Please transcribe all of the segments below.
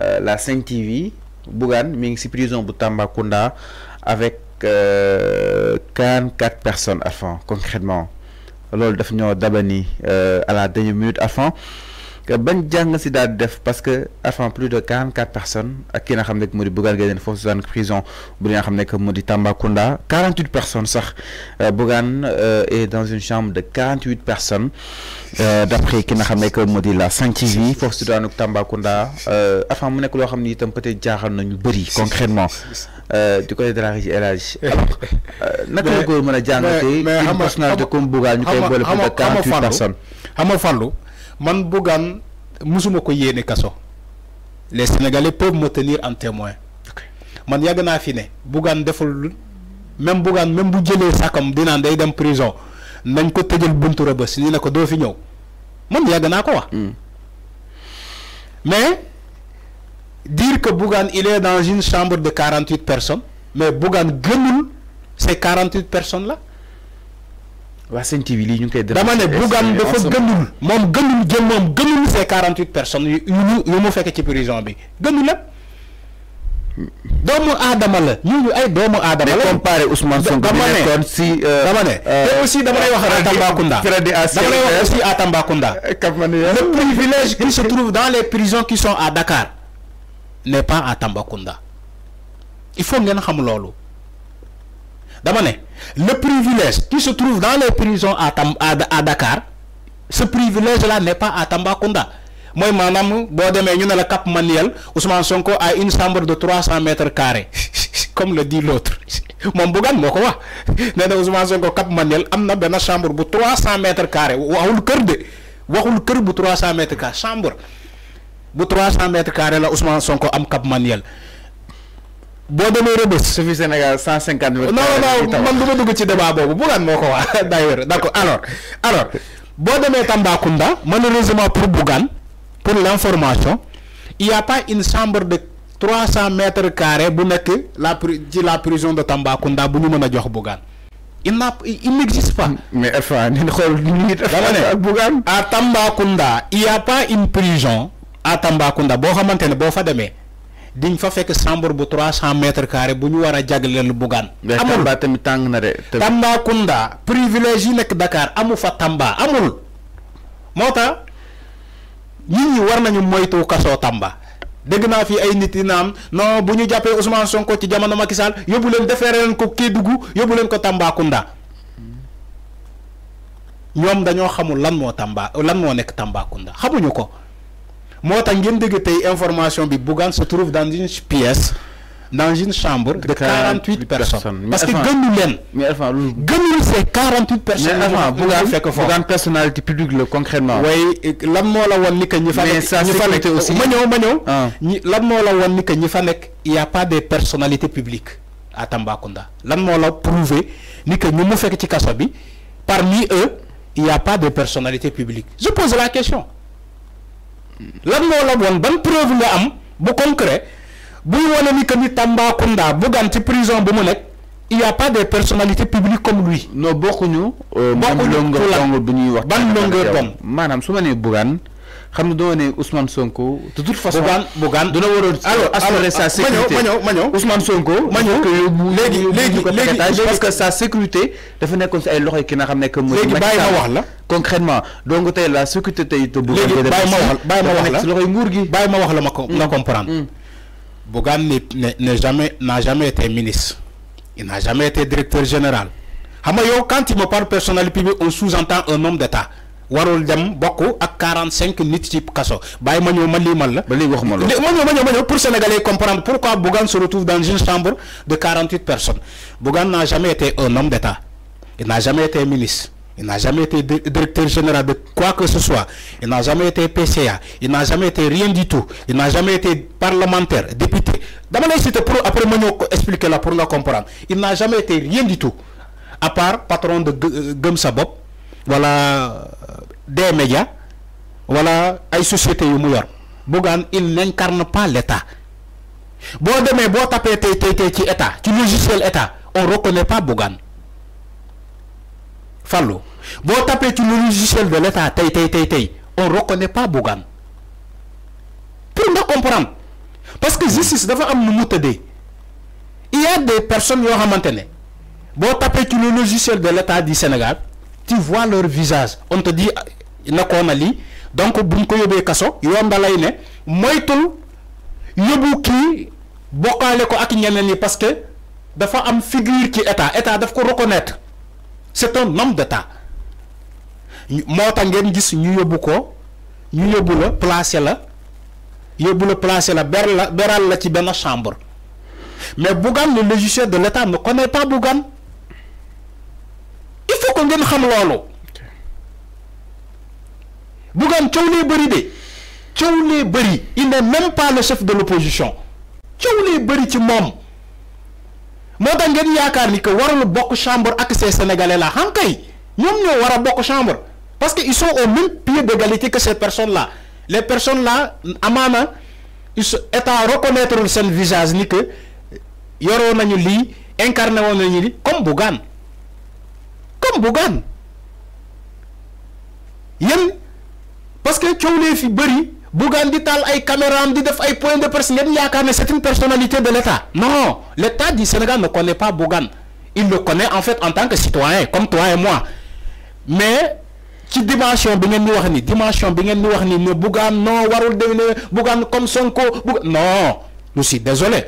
Euh, la 5 TV Bougan, mi ci prison bu Kunda, avec euh, quarante quatre personnes fond, concrètement Lol, daf ñoo dabani euh, à la dernière minute fond que si daal def parce que avant plus de 44 personnes ak ki n'a xam ne mu di Bougane Gueye Dany prison bu di nga xam ne mu di 48 personnes sax euh, Bougane euh, est dans une chambre de 48 personnes euh, d'après ki n'a xam ne mu la 5TV foofu si daanu Tambacounda avant mu nekk loo xam ne itam peut-être jaaxal nañu bëri concrètement du côté de la régie El Hadj naka la góor mën a jàngatee une personnalité comme Bougane ñu koy boole plus 48 personnes xam nga fàllu man Bougane musuma ko yene kasso les sénégalais peuvent me tenir en témoin man yagna fi ne Bougane deful même Bougan, même bu jëlee sakam en day dem prison nagn ko tëjal buntu rëbës ñu ne ko doo fi ñew man yagna ko hmm. mais dire que Bougan il est dans une chambre de 48 personnes mais Bougan gënul ces 48 personnes là waa Sen TV li ñu dama jëm ces personnes yu ñu yu fekk ci prison bi gëmul doomu la ay doomu comparé Ousmane Sonko si. dama aussi le privilège qui se trouve dans les prisons qui sont à Dakar n'est pas à Tambacounda il faut ngeen xam D'abord, le privilège qui se trouve dans les prisons à, Dakar, ce privilège-là n'est pas à Tambacounda. Moi, madame, si on est dans le Cap Maniel, Ousmane Sonko a une chambre de 300 mètres carrés. Comme le dit l'autre. Mon bougan, moi, quoi. Mais Ousmane Sonko, Cap Maniel, a une chambre de 300 mètres carrés. Ou le cœur de. Ou le de 300 mètres carrés. Chambre. De 300 mètres carrés, là, Ousmane Sonko a Cap Maniel. boo demee rëbës su fi Sénégal cent cinquante mille. non non man du ma dugg ci débat boobu Bougane moo ko wax day wér d' accord alors alors boo demee Tambacounda malheureusement pour Bougane pour l' information y a pas une chambre de trois cent mètres carrés bu nekk la pri ci la prison de Tambacounda bu ñu mën a jox Bougane. il n' a il n' existe pas. mais Alpha nañ xool nu ñuy def. ne ak Bougane à Tambacounda a pas une prison à Tambacounda boo xamante ne boo fa demee. diñ fa fekk chambre bu 300 mètres carrés bu ñu war a jagleel bugaan. amul Tamba tamit tàng na de. kunda privilège yi nekk Dakar amu fa Tamba amul moo tax nit ñi war nañu moytu kasoo Tamba dégg naa fi ay nit yi naan non bu ñu jàppee Ousmane Sonko ci jamono Macky Sall yóbbu leen defeere leen ko Kédougou yóbbu leen ko kunda ñoom dañoo xamul lan moo Tamba lan moo nekk kunda xamuñu ko. Moi, ngeen vous donner information bi Bougan se trouve dans une pièce dans une chambre de 48 personnes parce que gënu personnes mais ces 48 personnes. mais Alpha Bougane fait personnalité publique concrètement. Oui, l'amour la ni que ñi fa pas mais c'est aussi ma ma ah. ni que il y a pas de personnalité publique à Tambacounda l'amour la prouver ni que ñu mu parmi eux il n'y a pas de personnalité publique je pose la question lan moo la won ban preuve nga am bu concret buy wane ni que ni bu Bougane ci prison bu mu nek il y a pas des personnalités publiques comme lui. non bokkuñu. Euh, bokkuñu même longueur bu ñuy wax. ban longueur d'onde manam suma ne bu gan xam ne doo Ousmane Sonko. de toute façon Bogan Bougane dina waroon. alors assurer sa sécurité ma ñëw Ousmane Sonko. ma ñëw léegi léegi léegi parce que sa sécurité dafa nekkoon si ay loxo ki nga xamné que. mo léegi bàyyi wax la. concrètement donc tay la sécurité tay to Bougane léegi bàyyi ma wax la bàyyi ma wax la loxoy nguur gi. bàyyi ma wax la ma ko nga mm. comprendre. Mm. Bogan ne jamais n'a jamais été ministre. il n'a jamais été directeur général. xam nga yow quand tu me parles personnalité publique on sous-entend un homme d'État warul dem ak nit ma pour sénégalais comprendre pourquoi Bougan se retrouve dans une chambre de 48 personnes Bougan n'a jamais été un homme d'État il n'a jamais été ministre. Il n'a jamais été directeur général de quoi que ce soit. Il n'a jamais été PCA. Il n'a jamais été rien du tout. Il n'a jamais été parlementaire, député. D'abord, c'était pour après expliquer la pour la comprendre. Il n'a jamais été rien du tout. À part patron de Gumsabop, euh, voilà euh, des médias voilà ay société yu mu yor il n'incarne pas l'État Bon, demee bo tapé tey tey ci état ci logiciel état on reconnaît pas Bougane Fallou tu tapé ci logiciel de l'état on ne on reconnaît pas Bougan. pour nga comprendre parce que justice dafa am il y a des personnes yo xamantene bo tapé ci logiciel de l'état du Sénégal tu vois leur visage on te dit na qu'on a donc buñ ko yóbbee kaso yoon moi tout moytul yóbbu kii bokkaale ko ak ñeneen ni parce que dafa am figure est à état daf reconnaître c'est un homme d'état mort en ngeen gis ñu yóbbu ko ñu placer la là la la placer la ber la beral la chambre mais Bougane le logiciel de l'état ne connaît pas Bougane de ngeen xam loolu Bougane coow lee bëri de il n'est même pas le chef de l'opposition coow lee bëri ci moom moo tax ngeen yaakaar ni que warul bokk chambre ak sénégalais la xam kay ñoom ñoo war a bokk chambre parce que ils sont au même d'égalité que ces personnes là les personnes là amaana état reconnaître seen visage ni que yoroo nañu lii incarné woon nañu lii comme Bougane comme Bougane yéen parce que coow fi bëri Bougane di tal ay caméra di def ay point de presse ngeen yaakaar c'est une personnalité de l'État non l'État du Sénégal ne connaît pas Bougane il le connaît en fait en tant que citoyen comme toi et moi mais qui dimension bi ngeen ñu wax ni dimension bi ngeen Bougan, ni ne Bougane non warul de ne Bougane comme Sonko non je suis désolé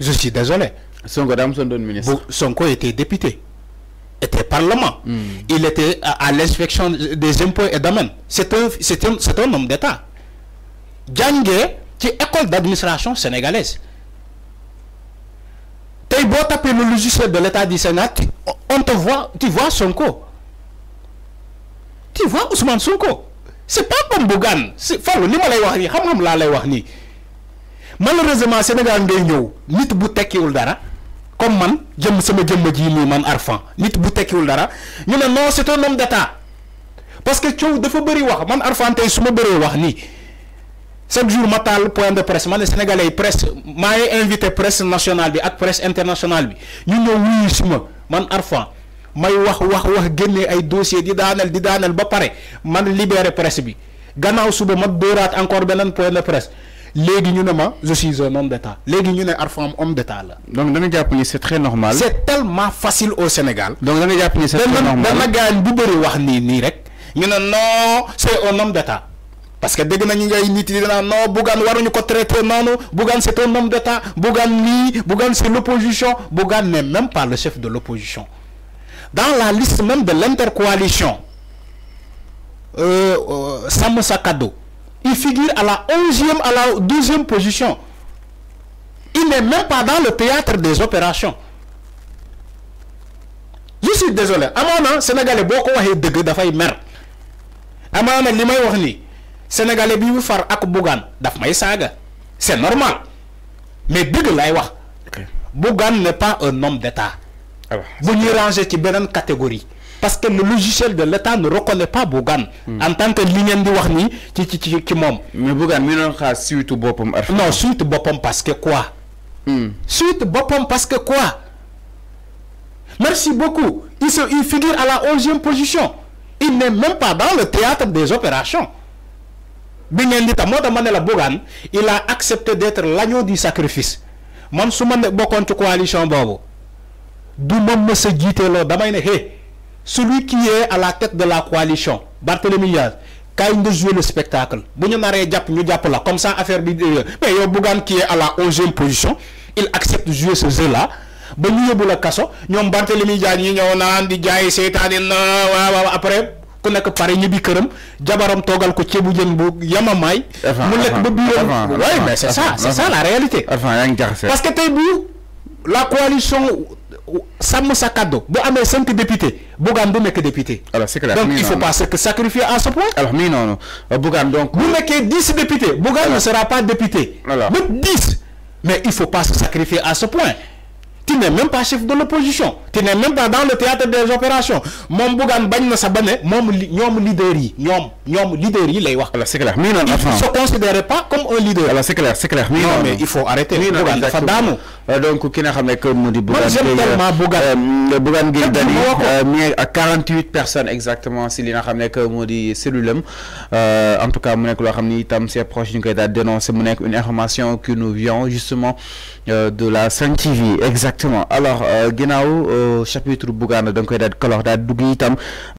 je suis désolé. Sonko dame, son ministre. Sonko était député était parlement. Hmm. Il était à, l'inspection des impôts et domaines. C'est un, un, un, homme d'État. Djangé, qui est école d'administration sénégalaise. Tu beau taper le logiciel de l'État du Sénat, tu, on te voit, tu vois Sonko. Tu vois Ousmane Sonko. C'est pas comme Bougan. C'est pas Malheureusement, Sénégal, nous avons comme man jëmm sama jëmm ji nii man Arfan nit bu tekkiwul dara ñu ne non c'est un homme d'état parce que coow dafa bëri wax man Arfan tey su ma bëree wax nii chaque jour ma taal point de presse ma ne sénégalais yi presse maa ngi invité presse nationale bi ak presse internationale bi ñu ñëw wuyu si ma man Arfan may wax wax wax génne ay dossier di daanal di daanal ba pare man libéré presse bi gannaaw suba ma dóoraat encore benen point de presse. léegi ñu je suis un homme d'état léegi ñu ne homme d'état donc dans nga jàpp c'est très normal. c'est tellement facile au Sénégal. donc da nga c'est très normal dana gaañ bu bëri wax ni nii rek ñu non c'est un homme d'état parce que dès que ngay nit yi dinaa non Bougane waruñu ko traiter non, Bougan c'est un homme d'état Bougane nii c'est l'opposition Bougane n'est même pas le chef de l'opposition dans la liste même de l'intercoalition euh, euh, Sàmm Sa Kàddu il figure à la 11e, à la 12e position. Il n'est même pas dans le théâtre des opérations. Je suis désolé. Amana, Sénégalais, beaucoup de degré d'affaires mer. Amana, lima ni Sénégalais, biou far ak bougan. C'est normal. Mais de la Bougan n'est pas un homme d'État. Ah bah, Vous n'y rangez dans une catégorie parce que le logiciel de l'État ne reconnaît pas Bougane hmm. en tant que ligne de di wax nii ci ci ci ci mais Bougane mi a xaar suite boppam. non suite Bopom parce que quoi. Hmm. suite Bopom parce que quoi. merci beaucoup il se il figure à la 11 11e position il n'est même pas dans le théâtre des opérations Bien ngeen di tam moo la il a accepté d'être l'agneau du sacrifice man su ma ne bokkoon ci coalition boobu du ma mës a jiiteeloo damay ne hey celui qui est à la tête de la coalition Barthélémy Diaz kaay de jouer le spectacle bu ñu naree jàpp ñu jàpp comme ça affaire bi euh, mais a Bougan qui est à la 11e position il accepte de jouer ce jeu là ba ñu yóbbu la kaso ñoom Barthélémy Diaz ñi ñëw naan di jaay après ku nekk pare ñibbi kërëm jabaram togal ko ceebu jën bu yamamaay mu lekk ba mais c'est ça c'est ça la réalité parce que t'es bu la coalition Sam Sakado, vous avez 5 députés, vous avez que euh, députés. Donc, il ne faut pas se sacrifier à ce point Alors, mais non, non. Vous donc. Vous mettez 10 députés, vous ne sera pas député. mais 10 Mais il ne faut pas se sacrifier à ce point tu n'es même pas chef de l'opposition tu n'es même pas dans le théâtre des opérations Mon bougan bañ na sa bonne, ne moom leader yi ñoom ñoom leader yi lay wax. alors c'est clair mais non, naan se considère pas comme un leader. alors c'est clair c'est clair mais non, mais il faut arrêter. Bougane dafa daanu. Euh, donc qui n'a jamais que mu Bougan, euh, euh, Bougane Gueye j'aime tellement 48 personnes exactement si li nga xam que mu di en tout cas mu nekk loo xam Tam, c'est proche proches ñu koy daal dénoncer mu nekk une information que nous vient justement de la 5TV exactement. exactement alors euh, ginnaaw euh, chapitre Bougane da nga koy daal di kalax daal di dugg itam